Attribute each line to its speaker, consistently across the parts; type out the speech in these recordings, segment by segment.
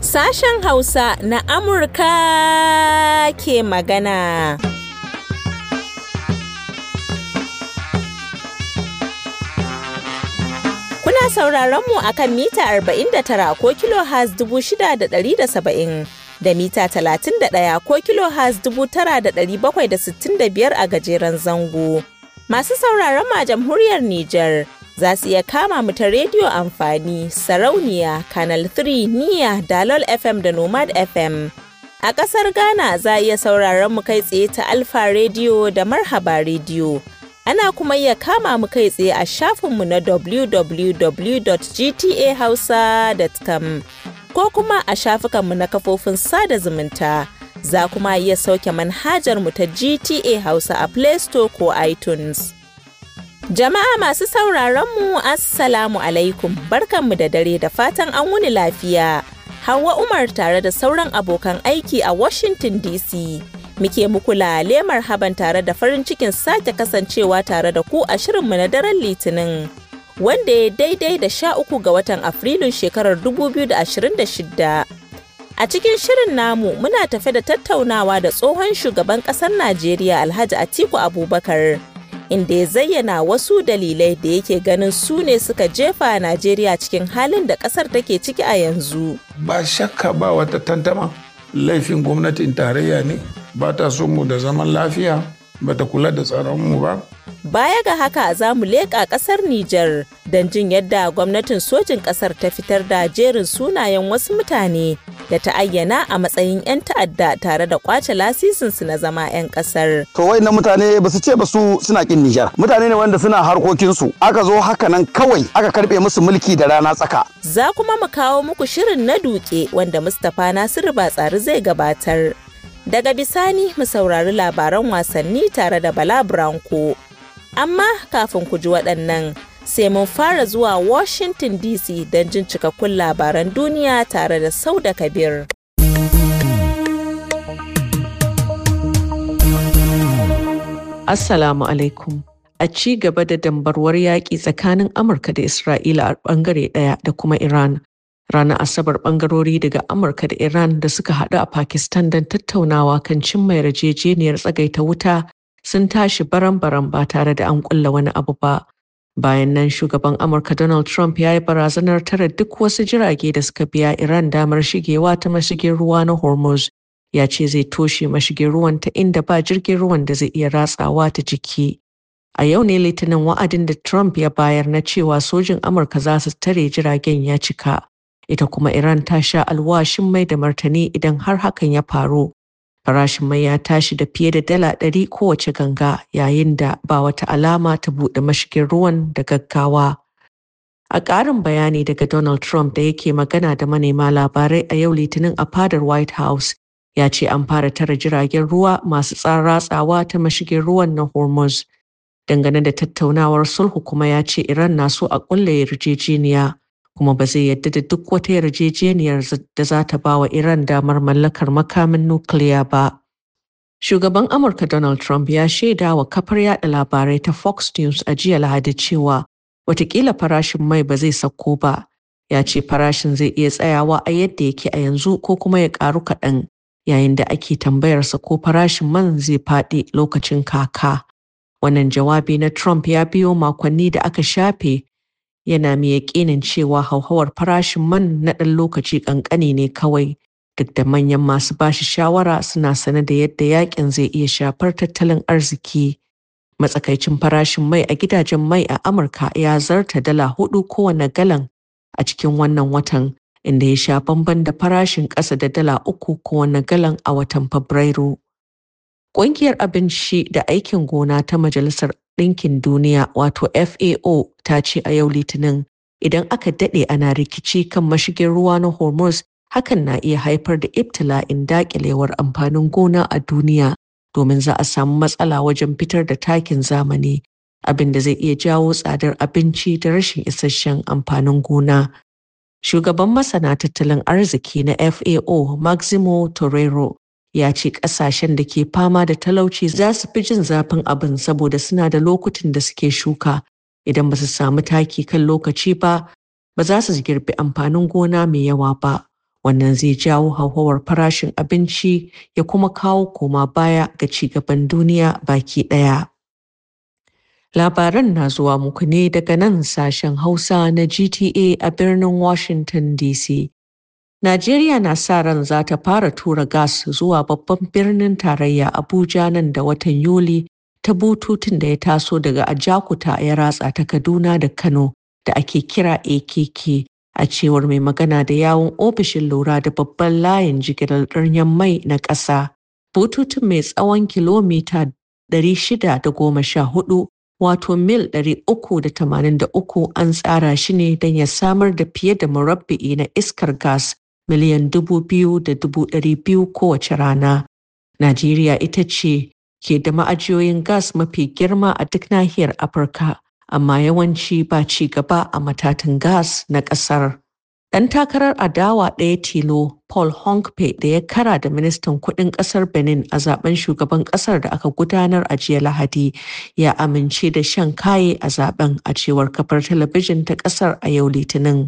Speaker 1: Sashen Hausa na Amurka ke magana. Kuna sauraron mu akan mita 49 ko kilo dubu shida da mita 31 ko kilo da da biyar a gajeren zango. Masu sauraron ma jamhuriyar Nijar za su iya kama mu ta rediyo amfani sarauniya canal 3 niya dalol fm da nomad fm a ƙasar ghana za a iya sauraron mu kai tsaye ta alfa rediyo da marhaba rediyo ana kuma iya kama mu kai tsaye a shafinmu na www.gtahausa.com ko kuma a shafukanmu na kafofin sada zumunta za kuma iya sauke manhajar mu ta gta hausa a play store ko itunes Jama'a masu sauraron mu Assalamu alaikum barkanmu da dare da fatan an wuni lafiya. Hauwa Umar tare da sauran abokan aiki a Washington DC. Muke muku lemar haban tare da farin cikin sake kasancewa tare da ku a shirinmu na daren Litinin. Wanda ya daidai da sha uku ga watan Afrilun shekarar 2026. A cikin shirin namu muna tafe da tattaunawa da tsohon shugaban ƙasar Najeriya Alhaji Atiku Abubakar. inda ya zayyana wasu dalilai da yake ganin su ne suka jefa Najeriya cikin halin da ƙasar take ciki a yanzu. Ba
Speaker 2: shakka ba wata tantama laifin gwamnatin tarayya ne, ba ta so mu da zaman lafiya bata kula da tsaronmu ba.
Speaker 1: Baya ga haka za mu leƙa ƙasar Nijar don jin yadda gwamnatin sojin ƙasar ta fitar da jerin sunayen wasu mutane da ta ayyana a matsayin 'yan ta'adda tare da kwace lasisinsu na zama 'yan ƙasar.
Speaker 3: To wai na mutane ba su ce ba su suna ƙin Nijar. Mutane ne wanda suna harkokinsu aka zo haka nan kawai aka karɓe musu mulki da rana tsaka.
Speaker 1: Za kuma mu kawo muku shirin na duke wanda Mustapha Nasiru Batsari zai gabatar. Daga bisani mu saurari labaran wasanni tare da Bala Branko. Amma kafin ku ji waɗannan sai mun fara zuwa Washington DC don jin cikakkun labaran duniya tare da Sauda
Speaker 4: Kabir. Assalamu alaikum. A ci gaba da dambarwar yaƙi tsakanin Amurka da Isra'ila a ɓangare ɗaya da kuma Iran, Ranar Asabar ɓangarori daga Amurka da Iran da suka haɗu a Pakistan don tattaunawa kan cimma yarjejeniyar tsagaita wuta sun tashi baram baran ba tare da an ƙulla wani abu ba. Bayan nan shugaban Amurka Donald Trump ya yi barazanar tara duk wasu jirage da suka biya Iran damar shigewa ta mashigin ruwa na Hormuz. Ya ce zai toshe mashigin ruwan ta inda ba jirgin ruwan da zai iya ratsawa ta jiki. A yau ne litinin wa'adin da Trump ya bayar na cewa sojin Amurka za su tare jiragen ya cika. Ita kuma Iran ta sha alwashin mai da martani idan har hakan ya faru. Farashin mai ya tashi da fiye da dala ɗari kowace ganga yayin da ba wata alama ta buɗe mashigin ruwan da gaggawa. A ƙarin bayani daga Donald Trump da yake magana da manema labarai a yau Litinin a fadar White House ya ce an fara tara jiragen ruwa masu tsara ratsawa ta mashigin ruwan na Hormuz. Dangane da tattaunawar sulhu kuma ya ce Iran na so a ƙulla yarjejeniya kuma ba zai yadda da duk wata yarjejeniyar da za ta ba Iran damar mallakar makamin nukiliya ba. Shugaban Amurka Donald Trump ya shaida wa kafar yada labarai ta Fox News a jiya Lahadi cewa watakila farashin mai ba zai sauko ba. Ya ce farashin zai iya tsayawa a yadda yake a yanzu ko kuma ya ƙaru kaɗan yayin da ake tambayarsa ko farashin man zai faɗi lokacin kaka. Wannan jawabi na Trump ya biyo makonni da aka shafe yana mai yaƙinin cewa hauhawar farashin man na ɗan lokaci ƙanƙani ne kawai duk da manyan masu bashi shawara suna sane da yadda yaƙin zai iya shafar tattalin arziki matsakaicin farashin mai a gidajen mai a amurka ya zarta dala hudu kowane galan a cikin wannan watan inda ya sha bamban da farashin ƙasa da dala uku kowane galan a watan fabrairu ƙungiyar abinci da aikin gona ta majalisar Ɗinkin Duniya wato FAO ta ce a yau Litinin idan aka daɗe ana rikici kan mashigin ruwa na Hormuz hakan na iya haifar da ibtila'in daƙilewar amfanin gona a duniya domin za a samu matsala wajen fitar da takin zamani abin da zai iya jawo tsadar abinci da rashin isasshen amfanin gona. Shugaban masana tattalin arziki na FAO Maximo Torero ya ce ƙasashen da ke fama da talauci za su fi jin zafin abin saboda suna da lokutan da suke shuka idan ba su samu taki kan lokaci ba ba za su girbi amfanin gona mai yawa ba wannan zai jawo hauhawar farashin abinci ya kuma kawo koma baya ga cigaban duniya baki ɗaya. Labaran na zuwa muku ne daga nan sashen Hausa na GTA a birnin Washington DC. Najeriya na sa ran za ta fara tura gas zuwa babban birnin tarayya Abuja nan da watan Yuli ta bututun da ya taso daga Ajakuta ya ratsa ta Kaduna da Kano da ake kira AKK a cewar mai magana da yawun ofishin lura da babban layin jigilar ɗanyen mai na ƙasa. Bututun mai tsawon kilomita 614 wato mil 383 an tsara shi ne don ya samar da fiye da murabba'i na iskar gas miliyan dubu biyu da dubu ɗari biyu kowace rana. Najeriya ita ce ke da ma'ajiyoyin gas mafi girma a duk nahiyar Afirka, amma yawanci ba ci gaba a matatan gas na ƙasar. Ɗan takarar adawa ɗaya tilo Paul Honkpe da ya kara da ministan kuɗin ƙasar Benin a zaben shugaban ƙasar da aka gudanar a jiya Lahadi ya amince da shan kaye a zaben a cewar kafar talabijin ta ƙasar a yau Litinin.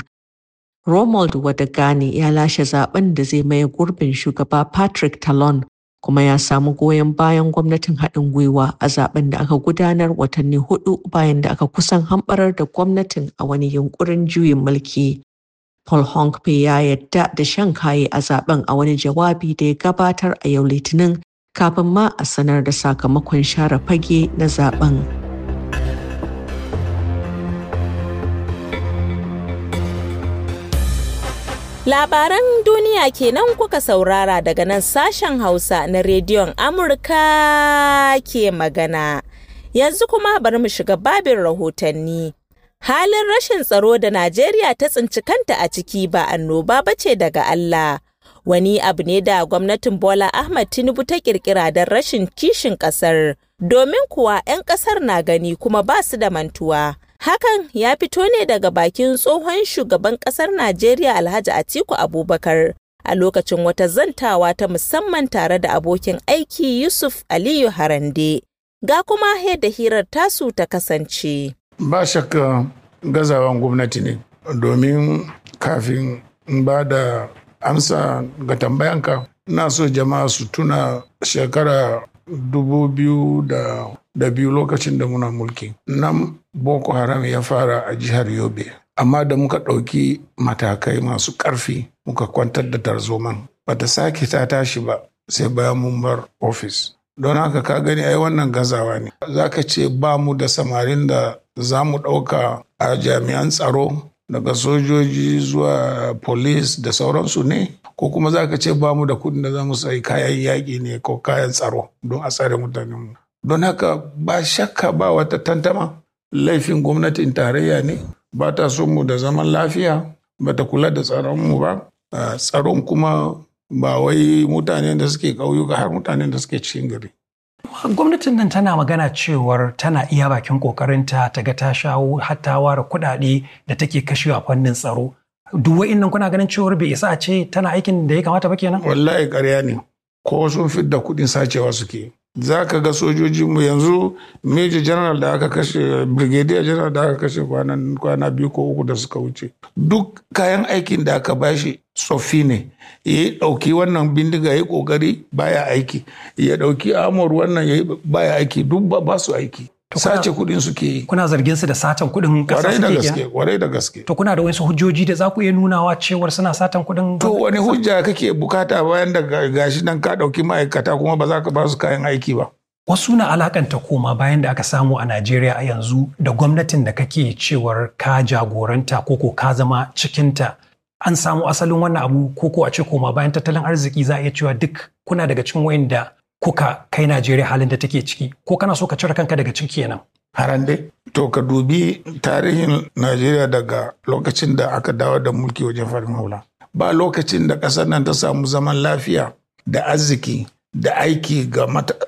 Speaker 4: romold Wadagani ya lashe zaɓen da zai maye gurbin shugaba Patrick Talon kuma ya samu goyon bayan gwamnatin haɗin gwiwa a zaɓen da aka gudanar watanni hudu bayan da aka kusan hamɓarar da gwamnatin a wani yunkurin juyin mulki. Paul Hongpe ya yadda da shan kaye a zaɓen a wani jawabi da ya gabatar a yau Litinin kafin ma a sanar da sakamakon share fage na zaɓen.
Speaker 1: Labaran duniya kenan kuka saurara daga nan sashen Hausa na rediyon Amurka ke magana. Yanzu kuma bari mu shiga babin rahotanni. Halin rashin tsaro da Najeriya ta tsinci kanta a ciki ba annoba ba ce daga Allah. Wani abu ne da gwamnatin Bola Ahmad Tinubu ta kirkira don rashin kishin ƙasar. Domin kuwa 'yan ƙasar na gani kuma ba su da mantuwa. Hakan ya fito ne daga bakin tsohon shugaban ƙasar Najeriya Alhaji Atiku Abubakar a lokacin wata zantawa ta musamman tare da abokin aiki Yusuf Aliyu Harande. Ga kuma yadda hirar tasu ta kasance.
Speaker 2: Ba shakka gazawan gwamnati ne domin kafin ba da amsa ga tambayanka na so jama'a su tuna shekara da biyu lokacin da muna mulki nan boko haram ya fara a jihar yobe amma da muka ɗauki matakai masu ƙarfi muka kwantar da tarzoman bata sake ta tashi ba sai bayan mun bar ofis don haka ka gani ai wannan gazawa ne za ka ce ba mu da samarin da za mu ɗauka a jami'an tsaro daga sojoji zuwa polis da sauransu ne ko kuma za ka ce ba mu da kudin da za mu sayi kayan yaƙi ne ko kayan tsaro don a tsare mutanenmu don haka ba shakka ba wata tantama laifin gwamnatin tarayya ne ba ta so mu da zaman lafiya ba ta kula da tsaron mu ba tsaron kuma ba wai mutane da suke ƙauyuka har mutane da suke cikin gari
Speaker 5: gwamnatin nan tana magana cewar tana iya bakin ƙoƙarinta ta ga ta shawo hatta ware kuɗaɗe da take kashewa fannin tsaro duk nan kuna ganin cewar bai isa a ce tana aikin da ya kamata ba kenan
Speaker 2: wallahi ƙarya ne ko sun fidda kuɗin sacewa suke za ka ga sojojinmu yanzu major general da aka kashe brigadier general da aka kashe kwana biyu ko uku da suka wuce duk kayan aikin da aka bashi tsoffi ne ya ɗauki wannan bindiga ya ƙoƙari baya aiki ya ɗauki amur wannan ya yi baya aiki duk ba su aiki sace kuɗin suke yi
Speaker 5: kuna zargin su da satan kuɗin ƙasa suke da gaske da gaske to kuna da wasu hujjoji da za ku iya nunawa cewar suna satan kuɗin to wani hujja
Speaker 2: kake bukata bayan da gashi nan ka ɗauki ma'aikata kuma ba za ka ba su kayan aiki ba Wasu na
Speaker 5: alakanta koma bayan da aka samu a Najeriya a yanzu da gwamnatin da kake cewar ka jagoranta koko ka zama cikinta. An samu asalin wannan abu koko a ce koma bayan tattalin arziki za a iya cewa duk kuna daga cikin wayanda kuka kai Najeriya halin da take ciki ko kana so ka cire kanka daga ciki kenan.
Speaker 2: dai. to ka dubi tarihin Najeriya daga lokacin da aka dawo da mulki wajen farin hula. Ba lokacin da ƙasar nan ta samu zaman lafiya da arziki da aiki ga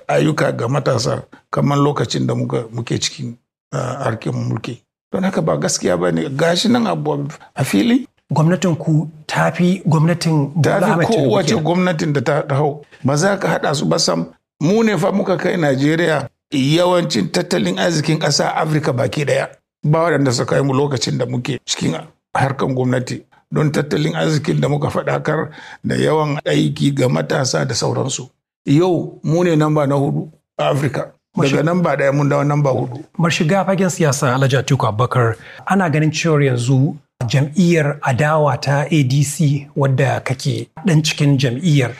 Speaker 2: ayyuka ga matasa kamar lokacin da muke cikin ah, harkin mulki. Don haka ba gaskiya ba ne gashi nan abu a fili
Speaker 5: gwamnatin ku ta fi gwamnatin Bola ko wace
Speaker 2: gwamnatin da ta hau ba za ka haɗa su ba sam mu ne fa muka kai Najeriya yawancin tattalin arzikin ƙasa Afirka baki ɗaya ba waɗanda suka yi mu lokacin da muke cikin harkan gwamnati don tattalin arzikin da muka faɗakar da yawan aiki ga matasa da sauransu yau mu ne namba na hudu a Afirka daga namba ɗaya mun dawo namba hudu.
Speaker 5: Bar shiga fagen siyasa Alhaji Atiku Abubakar ana ganin cewar yanzu jam'iyyar adawa ta adc wadda kake ɗan cikin jam'iyyar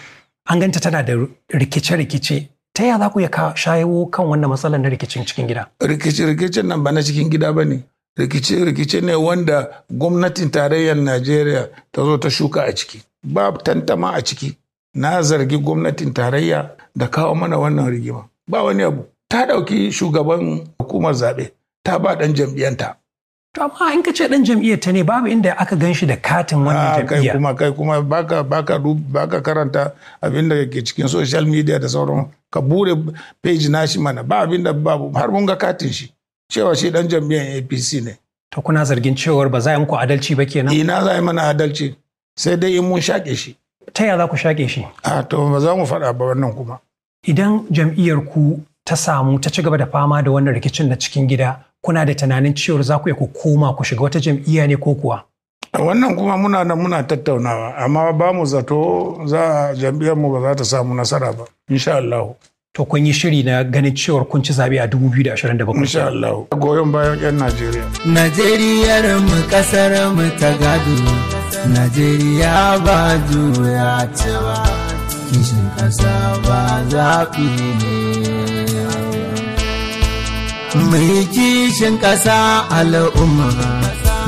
Speaker 5: an ganta tana da rikice-rikice ta yaya za ku ya shayewo kan wannan matsalar na rikicin cikin gida
Speaker 2: rikice-rikicen nan ba na cikin gida ba ne rikice-rikice ne wanda gwamnatin tarayyar najeriya ta zo ta shuka a ciki ba tantama a ciki na zargi gwamnatin tarayya da kawo mana wannan rigima ba wani abu ta ɗauki shugaban hukumar zaɓe ta ba ɗan jam'iyyanta to amma in ka ce dan jam'iyyar ta ne babu inda aka gan shi da katin wannan jam'iyya ah, kai kuma kai kuma baka baka baka karanta abin da ke cikin social media da sauran ka bure page nashi mana ba abin da babu har mun ga katin shi cewa shi dan jam'iyyar APC ne to kuna zargin cewar ba za a muku adalci ba kenan ina za a yi mana adalci sai dai in mun shaƙe shi ta yaya za ku shaƙe shi a ah, to ba za mu faɗa ba wannan kuma
Speaker 5: idan jam'iyyar ku ta samu ta ci gaba da fama da wannan rikicin na cikin gida kuna da tunanin cewar za ku iya ku koma ku shiga wata
Speaker 2: jam'iyya ne ko kuwa wannan kuma muna nan muna tattaunawa amma ba mu zato za jam'iyyar mu ba za ta samu nasara ba insha Allah to kun yi shiri na ganin cewar kun ci zabe a 2027 insha Allah goyon bayan yan Najeriya
Speaker 6: Najeriya mu kasar mu ta gado Najeriya ba juya
Speaker 7: cewa
Speaker 8: kishin kasa ba zafi ne
Speaker 1: Mai kishin ƙasa al'umma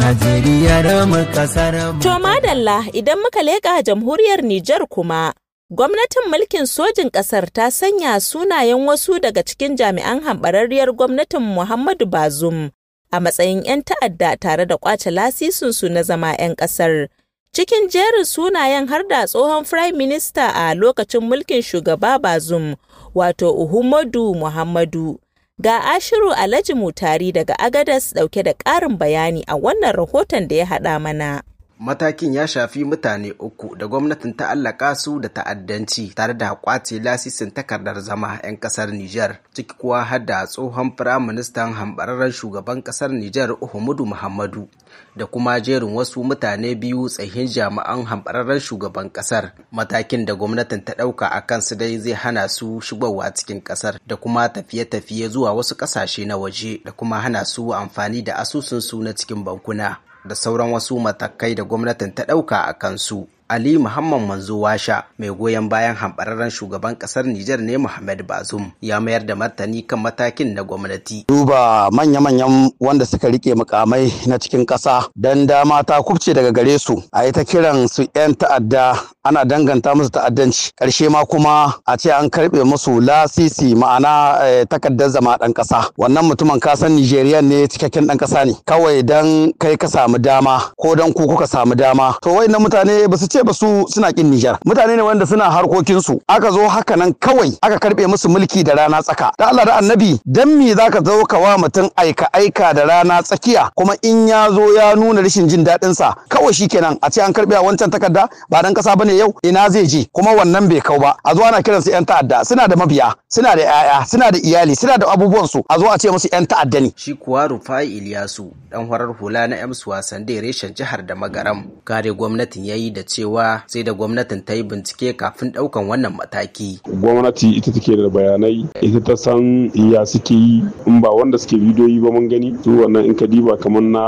Speaker 6: Najeriya mu ƙasar To
Speaker 1: madalla idan muka leƙa jamhuriyar Nijar kuma Gwamnatin mulkin sojin ƙasar ta sanya sunayen wasu daga cikin jami'an hambararriyar gwamnatin Muhammadu Bazum a matsayin 'yan ta'adda tare da ƙwace lasisinsu na zama 'yan ƙasar. Cikin jerin sunayen har da tsohon Firayim Minista a lokacin mulkin shugaba Bazum, wato uhumadu Muhammadu. Ga Ashiru Alhaji Mutari daga Agadas ɗauke da ƙarin bayani a wannan rahoton da ya haɗa mana.
Speaker 7: matakin ya shafi mutane uku da gwamnatin ta allaka su da ta'addanci tare da kwace lasisin takardar zama 'yan kasar Nijar ciki kuwa har da tsohon firaministan hambararren shugaban kasar Nijar Uhumudu Muhammadu da kuma jerin wasu mutane biyu tsayin jami'an hambararren shugaban kasar matakin da gwamnatin ta ɗauka a kan su dai zai hana su shigowa cikin kasar da kuma tafiye-tafiye zuwa wasu ƙasashe na waje da kuma hana su amfani da asusunsu na cikin bankuna. da sauran wasu matakai da gwamnatin ta ɗauka a kansu. Ali Muhammad Manzo Washa mai goyon bayan hambararren shugaban kasar Nijar ne Muhammad Bazum ya mayar da martani kan matakin na gwamnati.
Speaker 3: Duba manya-manyan wanda suka rike mukamai na cikin ƙasa dan dama ta kubce daga gare su a yi ta kiran su 'yan ta'adda ana danganta musu ta'addanci ƙarshe ma kuma a ce an karɓe musu lasisi ma'ana eh, takardar zama ɗan ƙasa wannan mutumin kasan Nijeriya ne cikakken ɗan ƙasa ne kawai dan kai ka samu dama ko dan ku kuka samu dama to na mutane ba su ce ce ba su suna kin Nijar mutane ne wanda suna harkokin su aka zo haka nan kawai aka karbe musu mulki da rana tsaka da Allah da Annabi dan me zaka zo ka wa mutum aika aika da rana tsakiya kuma in ya zo ya nuna rashin jin daɗin sa kawai shikenan a ce an karbe a wancan takarda ba dan kasa bane yau ina zai je kuma wannan bai kau ba a zo ana kiran su yan ta'adda suna da mabiya suna da yaya suna da iyali suna da abubuwan su a zo a ce musu yan ta'adda ne shi kuwa Rufai Iliyasu dan horar hula na Ems
Speaker 7: wasan da reshen jihar da Magaram kare gwamnatin yayi da cewa cewa sai da gwamnatin ta yi bincike kafin ɗaukan wannan mataki.
Speaker 9: Gwamnati ita take da bayanai ita ta san ya suke yi in ba wanda suke bidiyoyi ba mun gani to wannan in ka diba kamar na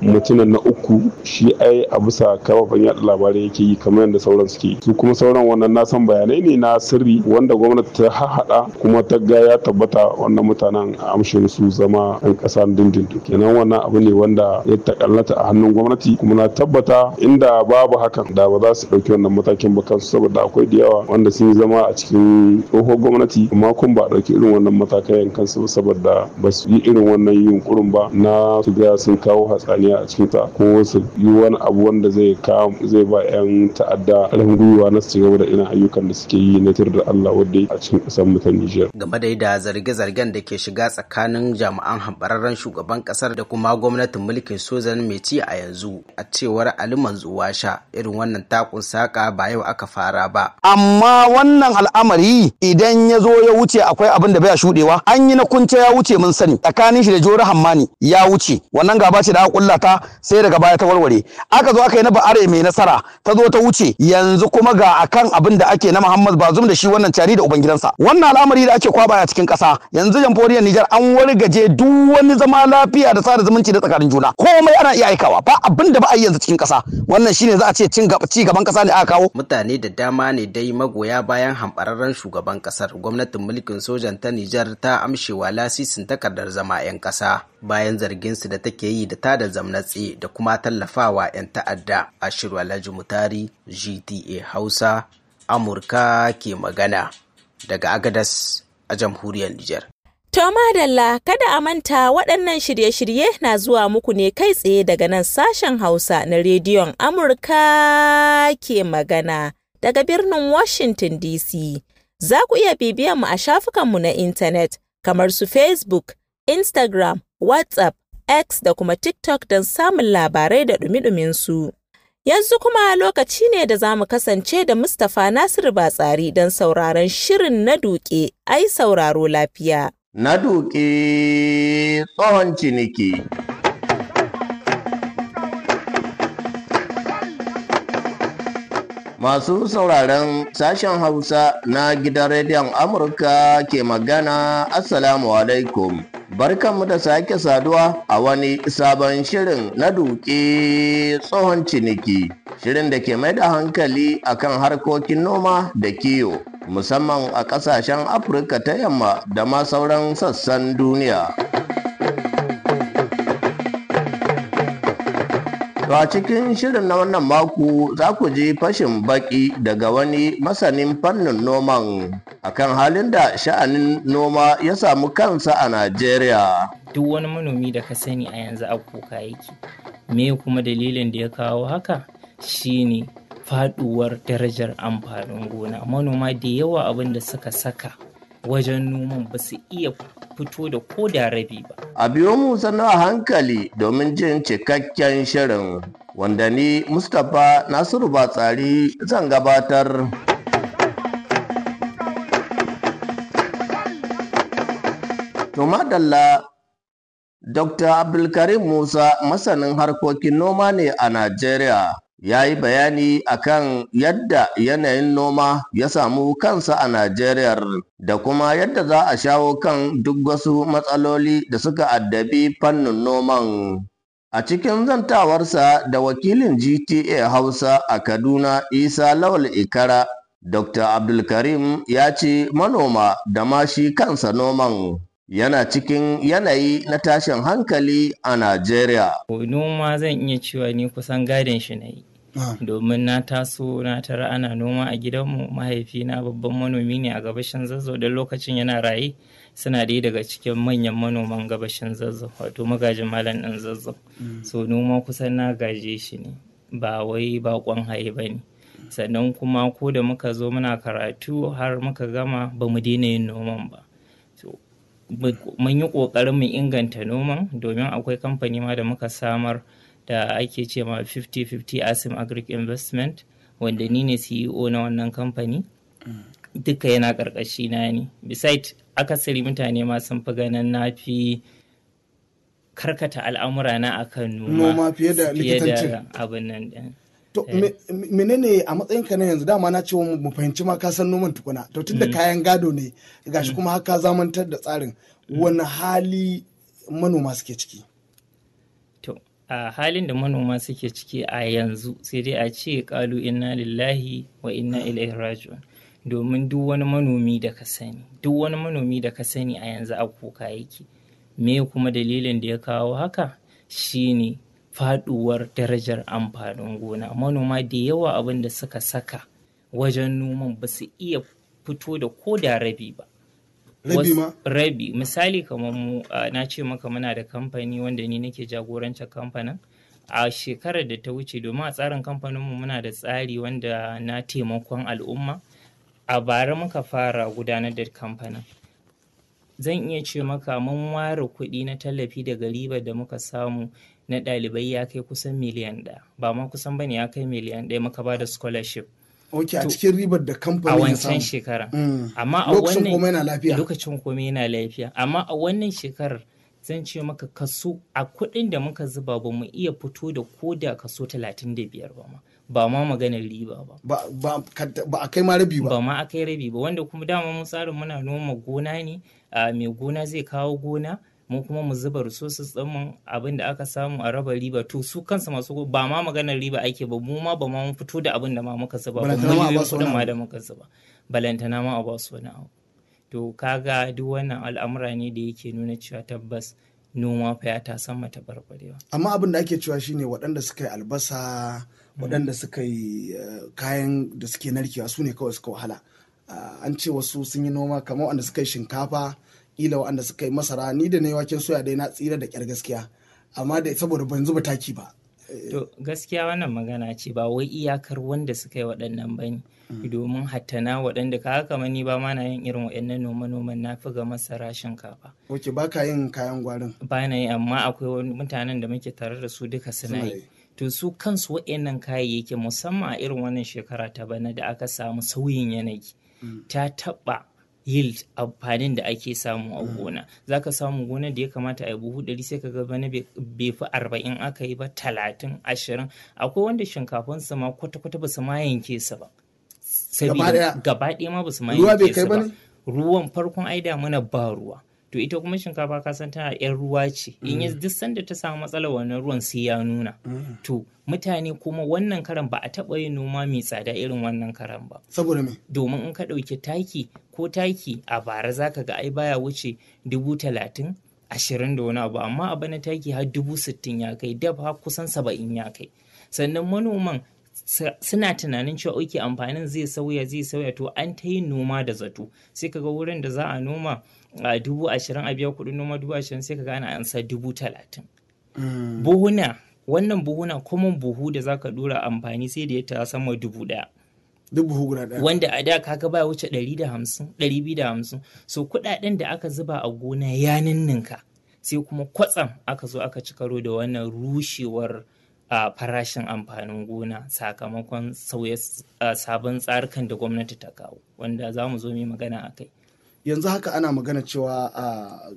Speaker 9: mutumin na uku shi ai a bisa kafafen yaɗa labarai yake yi kamar yadda sauran suke su kuma sauran wannan na san bayanai ne na sirri wanda gwamnati ta haɗa kuma ta ga ya tabbata wannan mutanen amshe su zama 'yan ƙasa dindindin kenan wannan abu ne wanda ya takallata a hannun gwamnati kuma na tabbata inda babu hakan da ba za su ɗauki wannan matakin ba kansu saboda akwai da yawa wanda sun yi zama a cikin tsohon gwamnati amma kun ba ɗauki irin wannan matakan kansu saboda ba su yi irin wannan yunkurin ba na su ga sun kawo hatsaniya a cikin ta ko su yi wani abu wanda zai zai ba 'yan ta'adda ƙarfin gwiwa na su ci gaba da irin ayyukan da suke yi na tir da Allah wadda a cikin ƙasar mu ta Nijar.
Speaker 7: Game da yadda zarge-zargen da ke shiga tsakanin jami'an hambararren shugaban ƙasar da kuma gwamnatin mulkin sojan mai ci a yanzu a cewar Ali Manzuwasha irin wannan takun saƙa ba yau aka fara ba.
Speaker 3: Amma wannan al'amari idan ya zo ya wuce akwai abin da baya shuɗewa an yi na kunce ya wuce mun sani tsakanin shi da Jori Hammani ya wuce wannan gaba ce da aka kullata sai daga baya ta warware aka zo aka yi na Ba'are mai nasara ta zo ta wuce yanzu kuma ga akan abin da ake na Muhammad Bazum da shi wannan cari da ubangidansa wannan al'amari da ake kwaba a cikin ƙasa yanzu jamhuriyar Nijar an wargaje duk wani zama lafiya da sada zumunci da tsakanin juna komai ana iya aikawa ba abin da ba a yi yanzu cikin ƙasa wannan shine za a ce cin gaba ci gaban kasa ne aka kawo mutane da dama ne
Speaker 7: dai magoya bayan hambararren shugaban kasar gwamnatin mulkin sojan ta Nijar ta amshewa lasisin takardar zama 'yan kasa bayan zargin su da take yi da tada zamnatsi da kuma tallafawa 'yan ta'adda Ashiru Alhaji Mutari GTA Hausa Amurka ke magana daga Agadas a jamhuriyar Nijar
Speaker 1: To madalla kada a manta waɗannan shirye-shirye na zuwa muku ne kai tsaye daga nan sashen Hausa na rediyon Amurka ke magana daga birnin Washington DC. Za ku iya bibiyan mu a shafukanmu na intanet kamar su Facebook, Instagram, WhatsApp, X da kuma TikTok don samun labarai da ɗumi su. Yanzu kuma lokaci ne da za mu kasance da Mustapha Nasiru Batsari don sauraron shirin na duke ai sauraro lafiya. na
Speaker 8: duƙe tsohon ciniki Masu sauraron sashen Hausa na gidan rediyon Amurka ke magana Assalamu alaikum. Barkanmu da sake saduwa a wani sabon shirin na duƙe tsohon ciniki. Shirin da ke mai da hankali akan harkokin noma da kiyo, musamman a ƙasashen Afirka ta yamma da ma sauran sassan duniya. To a cikin shirin na wannan mako za ku ji fashin baki daga wani masanin fannin noman akan halin da sha'anin noma ya samu kansa a Najeriya.
Speaker 6: Duk wani manomi da ka sani a yanzu a kuka yake. Me kuma dalilin da ya kawo haka? Shine faduwar darajar amfanin gona. Manoma da yawa abin da suka saka wajen noman ba su iya fito da ko da rabi ba.
Speaker 8: A biyo mu sannan a hankali domin jin cikakken shirin wanda ni Mustapha Nasiru Batsari zan gabatar. To madalla Dr. Abdulkarim Musa masanin harkokin noma ne a Najeriya ya yi bayani akan yadda yanayin noma ya samu kansa a Najeriya da kuma yadda za a shawo kan duk wasu matsaloli da suka addabi fannin noman. A cikin zantawarsa da wakilin GTA Hausa a Kaduna Isa Lawal Ikara, Dr. Abdulkarim ya ce manoma da ma shi kansa noman. yana cikin yanayi na tashin hankali a Najeriya.
Speaker 6: Noma zan iya cewa ni kusan gadon shi na yi. Ah. domin na taso na tara ana noma a gidanmu mahaifina babban manomi ne a gabashin zazzau don lokacin yana raye suna dai daga cikin manyan manoman gabashin zazzau wato magajin malam ɗin zazzau mm. so noma kusan na gaje shi ne ba wai bakon haye ba ne sannan kuma ko da muka zo muna karatu har muka gama ba mu daina yin noman ba mun yi ƙoƙarin mu inganta noman domin akwai kamfani ma da muka samar da ake ce ma 50-50 asim agric investment wanda ni ne ceo na wannan kamfani duka yana karkashi na ne beside akasari mutane ma sun fi ganin na fi karkata al'amura na akan noma fiye da abin nan To eh.
Speaker 10: menene a matsayin ka na yanzu dama na cewa mu fahimci ma kasan noman tukuna to tunda mm. kayan gado ne gashi mm. kuma haka zamantar da tsarin mm. wani hali manoma suke ciki.
Speaker 6: a halin da manoma suke ciki a yanzu sai dai a ce kalu inna lillahi wa inna ilaihi raji'un domin duk wani manomi da ka sani duk wani manomi da ka sani a yanzu a kuka yake me kuma dalilin da ya kawo haka shine faduwar darajar amfanin gona manoma da yawa abin da suka saka wajen noman ba su iya fito da ko da rabi ba Rabi Misali kamar mu na ce maka muna da kamfani wanda ni nake jagorancin kamfanin. A shekarar da ta wuce domin a tsarin kamfaninmu muna da tsari wanda na taimakon al'umma. A bara muka fara gudanar da kamfanin. Zan iya ce maka mun ware kuɗi na tallafi daga ribar da muka samu na ɗalibai ya kai kusan miliyan ɗaya. Ba ma kusan bane ya kai miliyan ɗaya muka ba da scholarship.
Speaker 10: ok a cikin ribar da kamfanin ya samu a wancan
Speaker 6: shekara mm. amma a wannan lokacin komai yana lafiya lokacin komai yana lafiya amma a wannan shekarar zan ce maka kaso a kuɗin da muka zuba ba mu iya fito da ko da kaso 35 ba ma ba ma maganar riba ba ba a kai ma rabi ba ba ma a kai rabi ba wanda kuma dama mun tsarin muna noma gona ne ah, mai gona zai kawo gona mu kuma mu zuba resources ɗinmu abin da aka samu a raba riba to su kansa masu ba ma maganar riba ake ba mu ma ba ma mun fito da abin da ma muka zuba ba mu yi ma da muka zuba balantana ma a ba su wani abu to kaga duk wannan al'amura ne da yake nuna cewa tabbas noma fa ya ta san mata barbarewa
Speaker 10: amma abin da ake cewa shine waɗanda suka yi albasa mm. waɗanda suka yi eh, kayan da suke narkewa su ne kawai suka wahala ah, an ce wasu sun yi noma kamar waɗanda suka yi shinkafa kila waɗanda suka yi masara ni da na yi waken soya dai na tsira da kyar gaskiya amma da saboda ban zuba taki ba
Speaker 6: to gaskiya wannan magana ce ba wai iyakar wanda suka yi waɗannan ba mm. domin hattana waɗanda ka haka mani ba ma na yin irin waɗannan noma-noman na fi ga masara shinkafa. Ok ba ka yin kayan gwarin? Ba na yi amma akwai mutanen da muke tare da su duka suna yi. To su kansu waɗannan kayayyaki musamman a irin wannan shekara ta bana da aka samu sauyin yanayi mm. ta taɓa yield amfanin da ake samu a mm. gona za ka samu gona da ya kamata a yi buhu ɗari sai ka ga bana bai arba'in aka yi ba talatin ashirin akwai wanda shinkafansa ma kwata-kwata ba su ma yanke sa ba gaba ɗaya ma ba su ma yanke sa ba ruwan farkon aida da mana ba ruwa to ita kuma shinkafa ka san tana yan ruwa ce in yi mm. duk sanda ta samu matsalar wannan ruwan sai ya nuna mm. to mutane kuma wannan karan ba a taɓa yin noma mai tsada irin wannan karan ba saboda me domin in ka ɗauki taki ko taki a bara zaka ga ai baya wuce dubu talatin ashirin da wani abu amma a bana taki har dubu sittin ya kai dab har kusan saba'in ya kai sannan manoman suna tunanin cewa oke amfanin zai sauya zai sauya to an ta yin noma da zato sai kaga wurin da za a noma a dubu ashirin a biya kuɗin noma dubu ashirin sai kaga ana ansa dubu talatin mm. buhuna wannan buhuna kuma buhu da zaka dora amfani sai da ya ta sama dubu daya. Wanda a da kaga ba wuce ɗari da hamsin, ɗari biyu da hamsin. So kuɗaɗen da aka zuba a gona ya ninninka. Sai kuma kwatsam aka zo aka ci karo da wannan rushewar A farashin amfanin gona sakamakon sauye sabon tsarukan da gwamnati ta kawo wanda za mu zo mai magana a kai
Speaker 10: yanzu haka ana magana cewa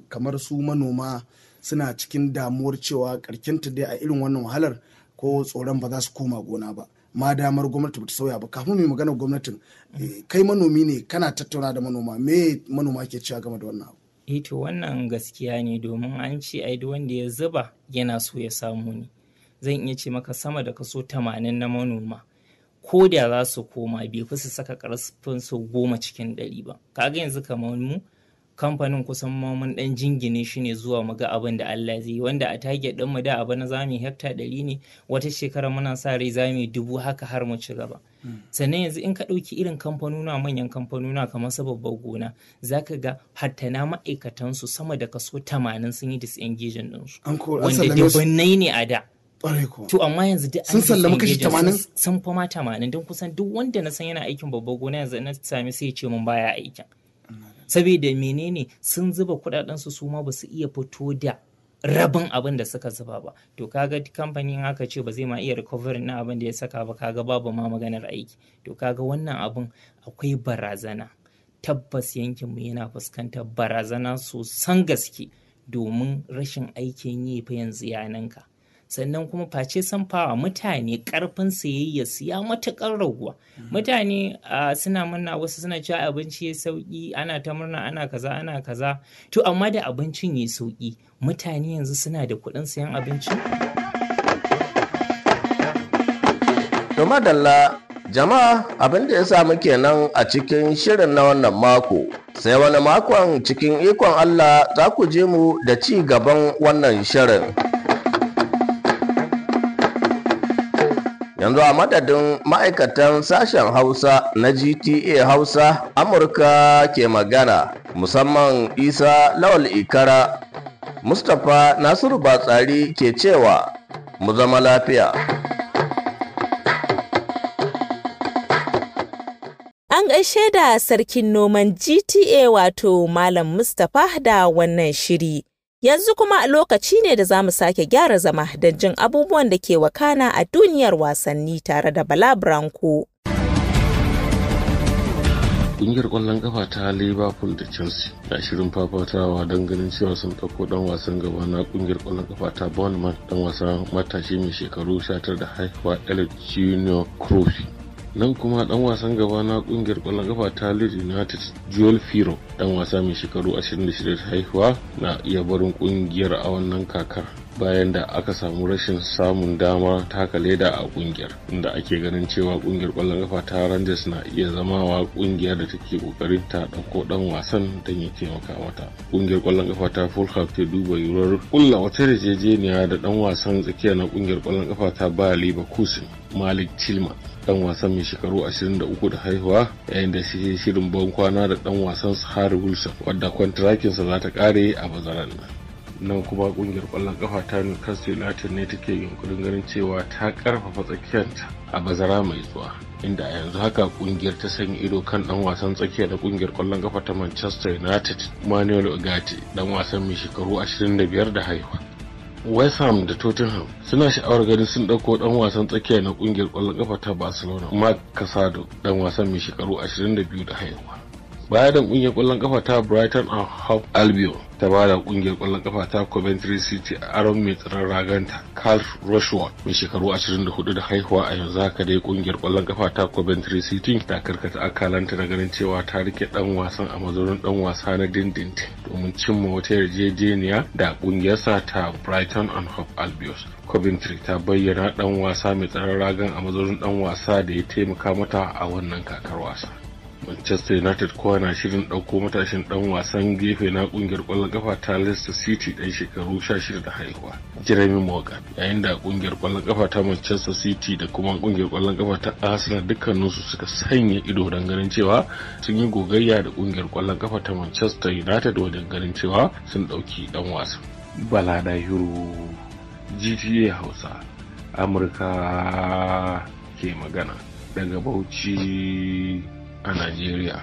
Speaker 10: kamar su manoma suna cikin damuwar cewa karkinta dai a irin wannan wahalar ko tsoron ba za su koma gona ba ma damar gwamnati bata sauya ba kafin mai magana gwamnatin eh, kai manomi ne kana tattauna da manoma me manoma ke cewa game da wannan abu
Speaker 6: eh to wannan gaskiya ne domin an ce ai duk wanda ya zuba yana so ya samu ne zan iya ce maka sama da kaso 80 na manoma ko da za su koma bai fi saka karfin su goma cikin ɗari ba kaga yanzu kamar mu kamfanin kusan ma mun dan jingine shi ne zuwa muga ga abin da Allah zai wanda a target din mu da abu na zamu hekta ɗari ne wata shekara muna sa rai zamu dubu haka har mu ci gaba hmm. sannan yanzu in ka ɗauki irin kamfanuna manyan kamfanuna kamar su babbar gona zaka ga hattana ma'aikatan su sama da kaso 80 sun yi disengaging din su wanda dubannai ne a da To amma yanzu duk sun sallama kashi 80 sun fa 80 don kusan duk wanda na san yana aikin babban gona yanzu na sami sai ce mun baya aikin. Saboda menene sun zuba kudaden su su ma ba su iya fito da rabin abin da suka zuba ba to kaga kamfanin haka ce ba zai ma iya recovery na abin da ya saka ba kaga babu ma maganar aiki to kaga wannan abin akwai barazana tabbas yankinmu yana fuskantar barazana sosan gaske domin rashin aikin yi fa yanzu yananka. sannan kuma face san fawa mutane karfin sayayya ya matuƙar raguwa mutane suna murna wasu suna cewa abinci ya sauki ana ta murna ana kaza ana kaza to amma da abincin ya sauki mutane yanzu suna da kuɗin sayan abinci
Speaker 8: to madalla jama'a abin da ya samu kenan a cikin shirin na wannan mako sai wani makon cikin ikon Allah za ku je mu da ci gaban wannan shirin. yanzu a madadin ma'aikatan sashen hausa na gta hausa amurka ke magana musamman isa lawal ikara mustapha nasiru batsari ke cewa mu zama lafiya
Speaker 1: an gaishe da sarkin noman gta wato malam mustapha da wannan shiri Yanzu kuma lokaci ne da za mu sake gyara zama don jin abubuwan da ke wakana a duniyar wasanni tare da Bala Branko.
Speaker 11: ƙungiyar kwallon ƙafa ta liverpool da chelsea na shirin fafatawa don ganin cewa sun ɗauko ɗan wasan gaba na ƙungiyar kwallon ƙafa ta bournemouth ɗan wasan matashi mai shekaru 19 da haihuwa elliot junior crofi nan kuma dan wasan gaba na kungiyar kwallon kafa ta leeds united joel firo dan wasa mai shekaru 26 haihuwa na iya barin kungiyar a wannan kakar bayan da aka samu rashin samun dama taka leda a kungiyar inda ake ganin cewa kungiyar kwallon kafa ta rangers na iya zama wa kungiyar da take kokarin ta dauko dan wasan don ya taimaka mata kungiyar kwallon kafa ta fulham ta duba yurar kulla wata yarjejeniya da dan wasan tsakiya na kungiyar kwallon kafa ta bayer leverkusen malik tilman dan wasan mai shekaru 23 da haihuwa yayin da shi shirin ban kwana da dan wasan Harry Wilson wadda kwantarakinsa za ta kare a bazaran nan Nan kuma kungiyar kwallon kafa ta Newcastle United ne take yunkurin ganin cewa ta karfafa tsakiyarta a bazara mai zuwa inda a yanzu haka kungiyar ta sanya ido kan dan wasan tsakiya da kungiyar kwallon kafa ta Manchester United Manuel Ugarte dan wasan mai shekaru 25 da haihuwa West Ham da Tottenham suna sha'awar ganin sun ɗauko ɗan wasan tsakiya na ƙungiyar ƙwallon ƙafa ta Barcelona Mark Casado ɗan wasan mai shekaru 22 da haihuwa. Baya da ƙungiyar ƙwallon ƙafa ta Brighton and Hove Albion ta ba da kungiyar kwallon kafa ta Coventry City aron mai tsaron raganta Carl Rushwood mai shekaru 24 da haihuwa a yanzu haka dai kungiyar kwallon kafa ta Coventry City ta karkata akalanta da ganin cewa ta rike dan wasan a mazurin dan wasa na dindindin domin cimma wata yarjejeniya da kungiyarsa ta Brighton and Hove Albion. Coventry ta bayyana dan wasa mai tsaron ragan a mazurin dan wasa da ya taimaka mata a wannan kakar wasa. Manchester United kowa na shirin ɗauko matashin ɗan wasan gefe na ƙungiyar ƙwallon kafa ta Leicester City ɗan shekaru 16 da haihuwa, Jeremy Morgan. Yayin da ƙungiyar ƙwallon kafa ta Manchester City da kuma ƙungiyar ƙwallon kafa ta Arsenal dukkaninsu suka sanya ido don ganin cewa sun yi gogayya da ƙungiyar ƙwallon kafa ta Manchester United wajen ganin cewa sun ɗauki ɗan wasan. Balada Hiru GTA Hausa Amurka ke magana daga Bauchi a Najeriya.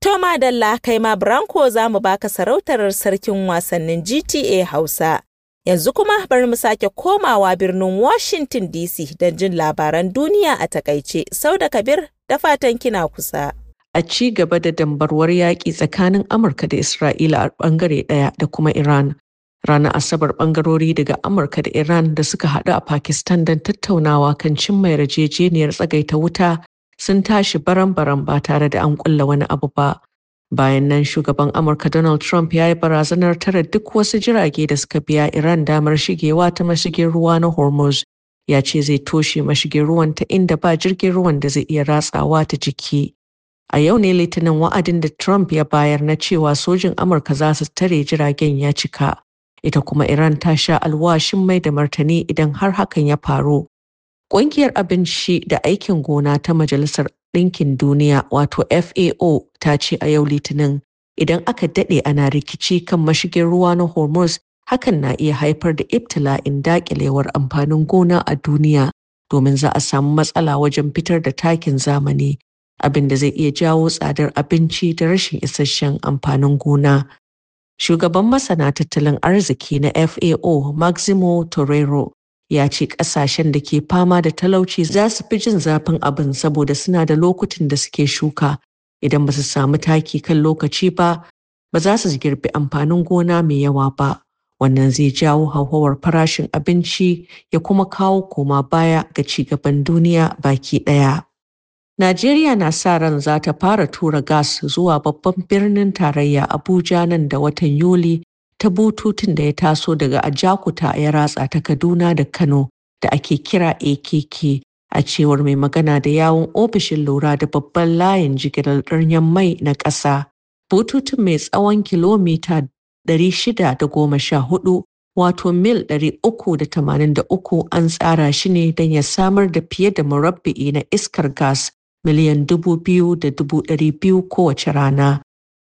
Speaker 1: Toma Dalla kai ma Branko za mu baka sarautar sarkin wasannin GTA Hausa. Yanzu kuma bari mu sake komawa birnin Washington DC don jin labaran duniya a takaice. Sau da kabir
Speaker 4: da fatan kina kusa. a ci gaba da dambarwar yaƙi tsakanin Amurka da Isra'ila a ɓangare ɗaya da kuma Iran Ranar Asabar ɓangarori daga Amurka da Iran da suka haɗu a Pakistan don tattaunawa kan cimma yarjejeniyar tsagaita wuta sun tashi baram baran ba tare da an ƙulla wani abu ba. Bayan nan shugaban Amurka Donald Trump ya yi barazanar tara duk wasu jirage da suka biya Iran damar shigewa ta mashigin ruwa na Hormuz. Ya ce zai toshe mashigin ruwan ta inda ba jirgin ruwan da zai iya ratsawa ta jiki. A yau ne litinin wa'adin da Trump ya bayar na cewa sojin Amurka za su tare jiragen ya cika. ita kuma Iran ta sha alwashin mai da martani idan har hakan ya faru. Ƙungiyar abinci da aikin gona ta Majalisar Ɗinkin Duniya wato FAO ta ce a yau Litinin idan aka daɗe ana rikici kan mashigin ruwa na Hormuz hakan na iya haifar da ibtila'in daƙilewar amfanin gona a duniya domin za a samu matsala wajen fitar da takin zamani abin da zai iya jawo tsadar abinci da rashin isasshen amfanin gona. Shugaban masana tattalin arziki na FAO Maximo Torero ya ce ƙasashen da ke fama da talauci za su fi jin zafin abin saboda suna da lokutan da suke shuka idan ba su samu taki kan lokaci ba ba za su girbi amfanin gona mai yawa ba wannan zai jawo hauhawar farashin abinci ya kuma kawo koma baya ga gaban duniya baki ɗaya. Najeriya na sa ran za ta fara tura gas zuwa babban birnin tarayya Abuja nan da watan Yuli ta bututun da ya taso daga Ajakuta ya ratsa ta Kaduna da Kano da ake kira AKK a cewar mai magana da yawun ofishin lura da babban layin jigilar ɗanyen mai na ƙasa. Bututun mai tsawon kilomita 614 wato mil 383 an tsara shi ne don ya samar da fiye da murabba'i na iskar gas miliyan dubu biyu da dubu ɗari biyu kowace rana.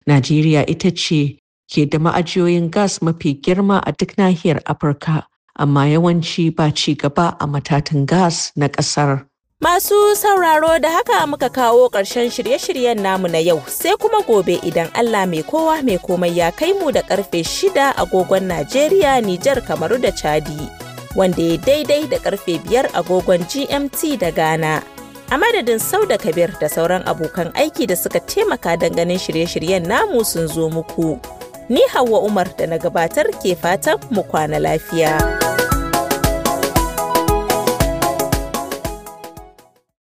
Speaker 4: Najeriya ita ce ke da ma'ajiyoyin gas mafi girma a duk nahiyar Afirka, amma yawanci ba ci gaba a matatan gas na ƙasar.
Speaker 1: Masu sauraro da haka muka kawo ƙarshen shirye-shiryen namu na yau sai kuma gobe idan Allah mai kowa mai komai ya kai mu da karfe shida agogon Najeriya, Nijar, Kamaru da Chadi, wanda ya daidai da ƙarfe biyar agogon GMT da Ghana. A madadin sau da Kabir da sauran abokan aiki da suka taimaka don ganin shirye-shiryen namu sun zo muku. Ni hawa Umar da na gabatar ke fatan mu kwana lafiya.